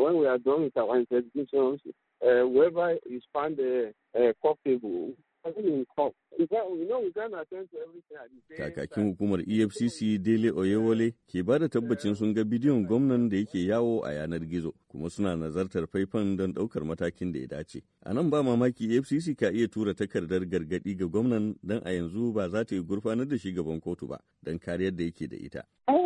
when we are done with our investigations, uh, whoever is found uh, uh Kakakin hukumar EFCC Dele Oyewole ke ba da tabbacin sun ga bidiyon gwamnan da yake yawo a yanar gizo kuma suna nazartar faifan don ɗaukar matakin da ya dace. A nan ba mamaki EFCC ka iya tura takardar gargaɗi ga gwamnan don a yanzu ba za ta yi gurfanar da shi gaban kotu ba don kariyar da yake da ita. Oh,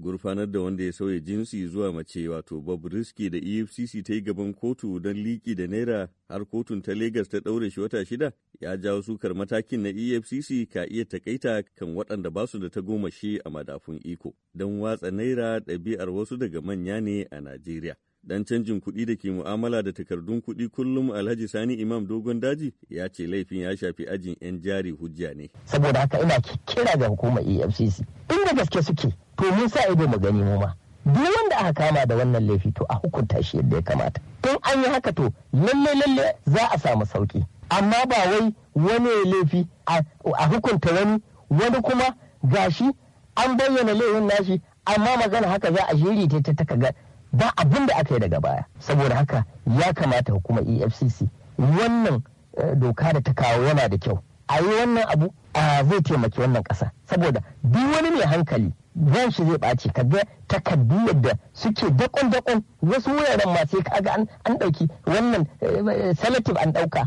gurfanar da wanda ya sauya jinsi zuwa mace wato Bob Risky da EFCC ta yi gaban kotu don liki da naira har kotun ta Legas ta ɗaure shi wata shida ya jawo sukar matakin na EFCC ka iya takaita kan waɗanda ba su da ta goma shi a madafun iko don watsa naira ɗabi'ar wasu daga manya ne a Najeriya. Dan canjin kuɗi da ke mu'amala da takardun kuɗi kullum Alhaji Sani Imam Dogon Daji ya ce laifin ya shafi ajin 'yan jari hujja ne. Saboda haka ina kira ga hukumar EFCC da gaske suke to mun sa ido mu gani mu ma. Duk wanda aka kama da wannan laifi to a hukunta shi yadda ya kamata. In an yi haka to lalle lalle za a samu sauki. Amma ba wai wani laifi a hukunta wani wani kuma gashi an bayyana laifin nashi amma magana haka za a jiri ta ta ba abin da aka yi daga baya saboda haka ya kamata hukumar efcc wannan eh, doka da ta kawo yana da kyau a yi wannan abu a zai taimaki wannan ƙasa saboda duk wani mai hankali ran shi zai ɓaci ka ga takardu yadda suke dakon dakon wasu wuraren ma sai kaga an ɗauki wannan eh, eh, selective an ɗauka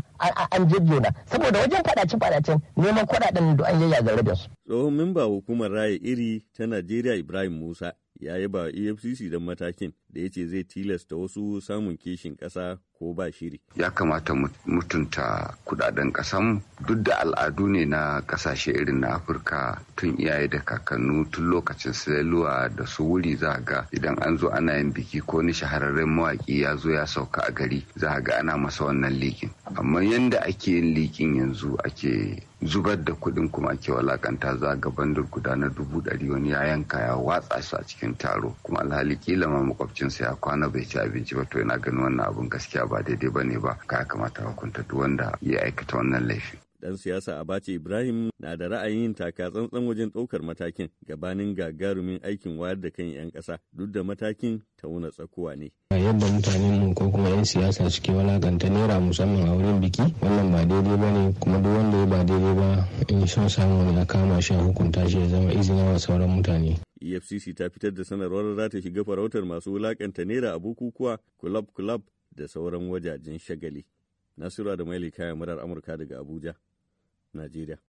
an jejjona saboda wajen faɗace faɗacen neman kuɗaɗen da an yayya rabin su. tsohon mimba hukumar raya iri ta najeriya ibrahim musa ya ba efcc don matakin da ya ce zai tilasta wasu samun kishin ƙasa ko ba shiri ya kamata mutunta kudaden ƙasan duk da al'adu ne na ƙasashe irin na afirka tun iyaye da kakannu tun lokacin sailuwa da su wuri za ga idan an zo ana yin biki ko ni shahararren mawaƙi ya zo ya sauka a gari za ga ana masa wannan likin amma yadda ake yin likin yanzu ake zubar da kuɗin kuma ake walakanta za ga bandar guda na dubu ɗari wani ya yanka ya watsa su a cikin taro kuma alhali kila ma makwabcinsa ya kwana bai ci abinci ba to yana ganin wannan abun gaskiya ba daidai ba ne ba ka kamata hukunta duk wanda ya aikata wannan laifin. Dan siyasa Abace Ibrahim na da ra'ayin taka tsantsan wajen ɗaukar matakin gabanin gagarumin aikin wayar da kan 'yan kasa duk da matakin tauna tsakuwa ne. Yadda mutanen mu ko kuma 'yan siyasa suke walakanta naira musamman a wurin biki wannan ba daidai ba ne kuma duk wanda ya ba daidai ba in son samu ne a kama shi a hukunta shi ya zama izina wa sauran mutane. EFCC ta fitar da sanarwar za ta shiga farautar masu wulakanta naira a bukukuwa, kulab-kulab da sauran wajajen shagali. Nasiru da Maili kayan murar Amurka daga Abuja. Najeriya.